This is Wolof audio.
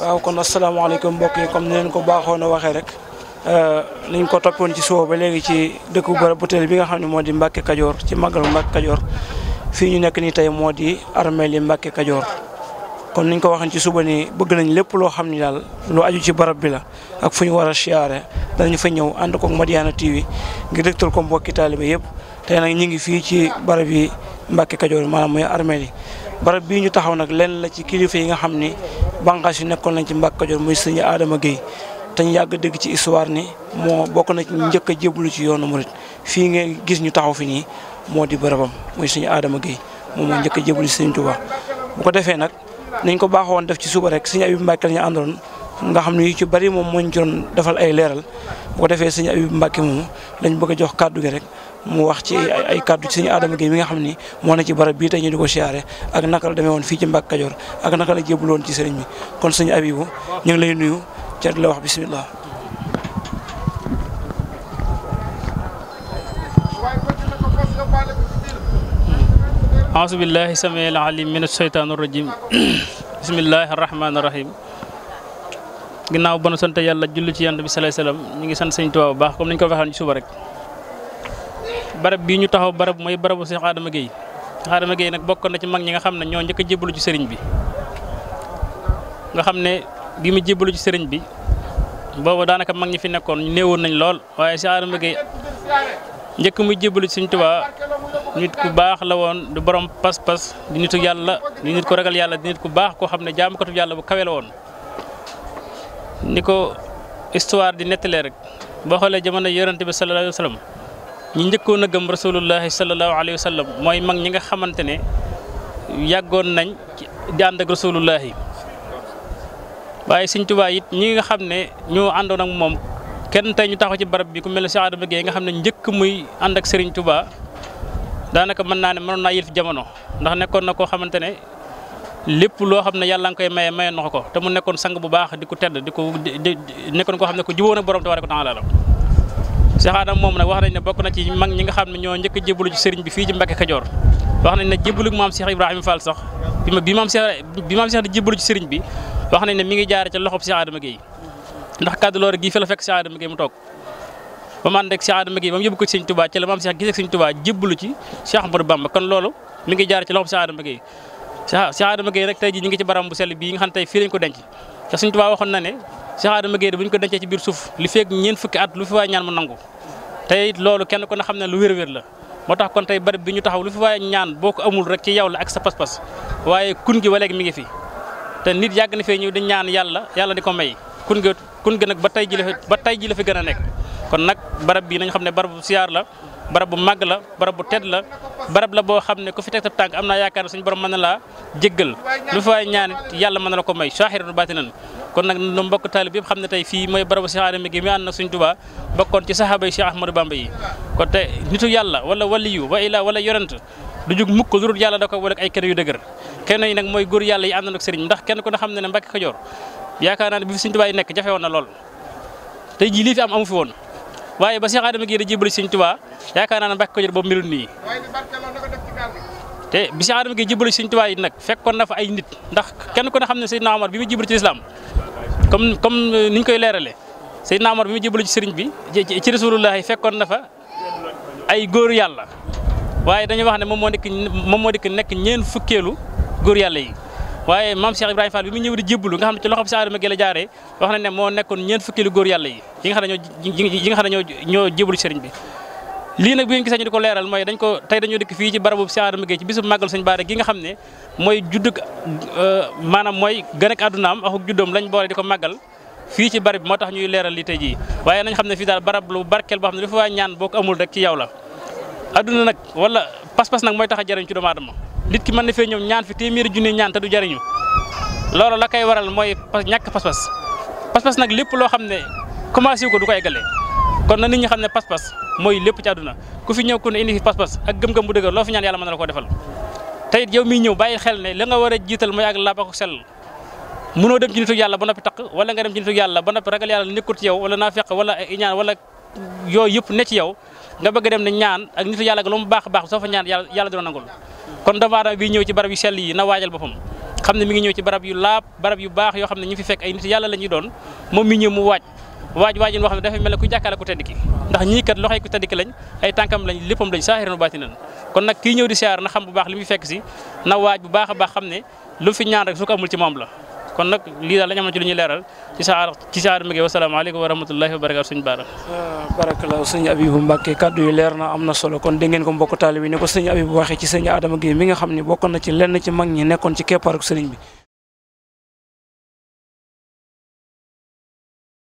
waaw kon asalaamaaleykum mbokk yi comme ni leen ko baaxoon a waxee rek euh, niñ ko toppoon ci suba ba léegi ci dëkku bërëb bu teel bi nga xam ne moo di Mbacke Kajoor ci màggalu Mbacke Kajoor fii ñu nekk nii tey moo di armée li Mbacke Kajoor kon niñ ko waxee ci suba nii bëgg nañ lépp loo xam ni daal lu aju ci barab bi la ak fu ñu war a siyaare danañ fa ñëw ànd koog Madiyana TV ngir ko mbokki taalibe yëpp tey nag ñu ngi fii ci barab yi Mbacke Kajoor maanaam mooy armée li barab bii ñu taxaw nag lenn la ci kilifa yi nga xam ni bànqaas yu nekkoon nañ ci Mbàkke Kajoor muy sëñ Adama Guèye te ñu yàgg dégg ci histoire ni moo bokk na ci njëkk a jébbalu ci yoonu murit fii nga gis ñu taxaw fi nii moo di bërëbam muy sëñ Adama Guèye moom moo njëkk a jébbalu ci sëñ Tuubaa bu ko defee nag nañ ko baaxoon def ci suba rek sëñ Abibu Mbàkke la ñu àndoon nga xam ne yu ci bari moom moo ñu doon defal ay leeral bu ko defee sëñ Abibu Mbàkke moomu lañ bëgg a jox kàddu gi rek mu wax ci ay kaddu ci adam gi mi nga xamni mo na ci barab bi tay ñu ko xiaré ak nakal demé won fi ci mbakajor ak nakal jeblu won ci serigne mi kon serigne abibu ñu lay nuyu ci la wax bismillah A'udzu billahi samial alim minash shaitanir rajim Bismillahir rahmanir rahim ginaaw bonu sante yalla jullu ci yalla bi sallallahu alayhi wasallam ñi ngi sante seigne touba baax comme niñ ko waxal ci suba rek barab bii ñu taxaw barab mooy barabu Cheikh Adama Gueye Cheikh Adama Gueye nag bokkoon na ci mag ñi nga xam ne ñoo njëkk a ci sëriñ bi nga xam ne bi mu jébbalu ci sëriñ bi boobu daanaka mag ñi fi nekkoon néewoon nañ lool waaye Cheikh Adama Gueye njëkk muy jébbalu ci Sëriñ Tuubaa nit ku baax la woon du borom pas-pas di nitu yàlla di nit ko ragal yàlla di nit ku baax koo xam ne jaamukatu yàlla bu kawe la woon ni ko histoire di nettalee rek boo xoolee jamono yonent ñi ñëkko na gëm rasulullah sallallahu alaihi wasallam moy mag ñi nga xamantene yagoon nañ di and ak rasulullah waye seigne touba yit ñi nga xamne ñu andon ak mom kenn tay ñu taxaw ci barab bi ku mel Cheikh Adama Gueye nga xamne ñëkk muy and ak seigne Touba danaka man na ne man na yëlif jamono ndax nekkon na ko xamantene lepp lo xamne yalla ne koy maye maye na ko te mu nekkon sang bu baax diko tedd diko nekkon ko xamne ko jubóon ak borom tabaaraka taala la Cheikh Adama moom nag wax nañ ne bokk na ci mag ñi nga xam ne ñoo njëkk a jébbalu ci sëriñ bi fii ci Mbacke Kajoor wax nañ ne jébbalu maam Cheikh Ibrahima Fall sax bi ma bi maam Cheikh bi maam Cheikh di jébbalu ci sëriñ bi wax nañ ne mi ngi jaare ca loxob ba mu ànd ko ci Sëriñ Touba maam Cheikh gisee Sëriñ Touba jébbalu ci Cheikh Ahmadou kon loolu mi ngi jaar ci loxob Cheikh Adama Gueye Cheikh Adama Gueye nag tey ñi ngi ci baram bu sell bii nga xam tey fii ko denc te Sëriñ Touba waxoon na ne Cheikh Adama Gueye bu ñu ko dencee ci biir suuf li feeg ñeent fukki at lu fi waay ñaan mu nangu te loolu kenn ko na xam ne lu wér-wér la moo tax kon tey barab bi ñu taxaw lu fi waay ñaan boo ko amul rek ci yow la ak sa pas-pas waaye kun gi ba mi ngi fi te nit yàgg na fee ñëw di ñaan yàlla yàlla di ko may kun gi kun gi nag ba tey ji la fi ba tey ji la fi gën a nekk kon nag barab bii nañu xam ne barab bu siyaar la barab bu màgg la barab bu tedd la barab la boo xam ne ku fi teg sa tànk am naa yaakaar ne suñu borom na laa jéggal lu fi waay ñaan it yàlla mën na la kon nag nu mbokk taalib yëpp xam ne tey fii mooy barabu Cheikh Adama gi mi ànd nag suñ Tuubaa bokkoon ci saxaaba yi Cheikh Ahmadou yi kon tey nitu yàlla wala waliyu wa ila wala yonent du jug mukk lu dul yàlla da ko wala ay kër yu dëgër kenn yi nag mooy góor yàlla yi àndoon ak sëriñ ndax kenn ku ne xam ne ne Mbàkke Kajoor yaakaar naa ne bi fi suñ Tuubaa yi nekk jafe woon na lool tey jii lii fi am amu fi woon waaye ba Cheikh Adama gi da jébal suñ Tuubaa yaakaar naa ne Mbàkke Kajoor boobu melul nii te bi Cheikh Adama gi jébal suñ Tuubaa yi nag fekkoon na fa ay nit ndax kenn ku ne xam ne Seydina Omar bi mu jébal ci lislaam comme comme euh, niñ koy leeralee Seydina Omar bi mu jébbalu ci sëriñ bi ci rasulullahi fekkoon na fa ay góor yàlla waaye dañuy wax ne moom moo nekk moom moo dikk nekk ñeen fukkeelu góor yàlla yi waaye maam Cheikh Ibrahima Fall bi mu ñëw di jébbalu nga xam ne ci loxob Cheikh Adama Guèye la jaaree wax na ne moo nekkoon ñeen fukkeelu góor yàlla yi yi nga xam ne ñoo yi nga xam ne ñoo ñoo jébbalu ci sëriñ bi li nak bi ngeen gisee ñu di ko leeral mooy dañ ko tay dañu dik fi ci barabu Cheikh Adama ci bisu magal sëñ Baara gi nga xam ne mooy juddug euh, maanaam mooy gën ak àddunaam ak juddom lañ boole di ko fi ci barab bi tax ñuy leeral li tay ji waye nañ xam fi dal barab lu barkel bo xam dafa ñaan bok amul rek ci yaw la aduna nak wala pas-pas nak moy tax a ci do aadama nit ki man na fe ñom ñaan fi téeméeri junni ñaan ta du jariñu loolu la kay waral moy ñak pas-pas pas-pas nak lepp lo xam commencé ko du ko eggalee kon na nit ñi xam ne pas-pas mooy lépp ci àdduna ku fi ñëw ku ne indi fi pas-pas ak gëm-gëm bu dëgër loo fi ñaan yàlla mën na la defal te yow miy ñëw bàyyi xel ne la nga war a jiital mooy ak laab ak sell mënoo dem ci nitu yàlla ba noppi taq wala nga dem ci nitu yàlla ba noppi ragal yàlla nekkul ci yow wala naafeq wala ñaan wala yooyu yëpp ne ci yow nga bëgg dem ne ñaan ak nitu yàlla ga lu mu baax baax soo fa ñaan yàlla yàlla nangul kon doomu yoo xam ne ñu fi fekk ay waaj waajin boo xam ne dafay mel ne ku jàkkaarloo ku tedd ki ndax ñii kat loxoy ne lu fi ñaan rek su ko amul ci leer na am na solo kon dégg ngeen ko mbokk taalibe bi ni ko sëñ Abibu waxee Adama Gueye mi nga xam ne bokkoon na ci lenn ci mag ñi nekkoon ci keppaaruk sëriñ bi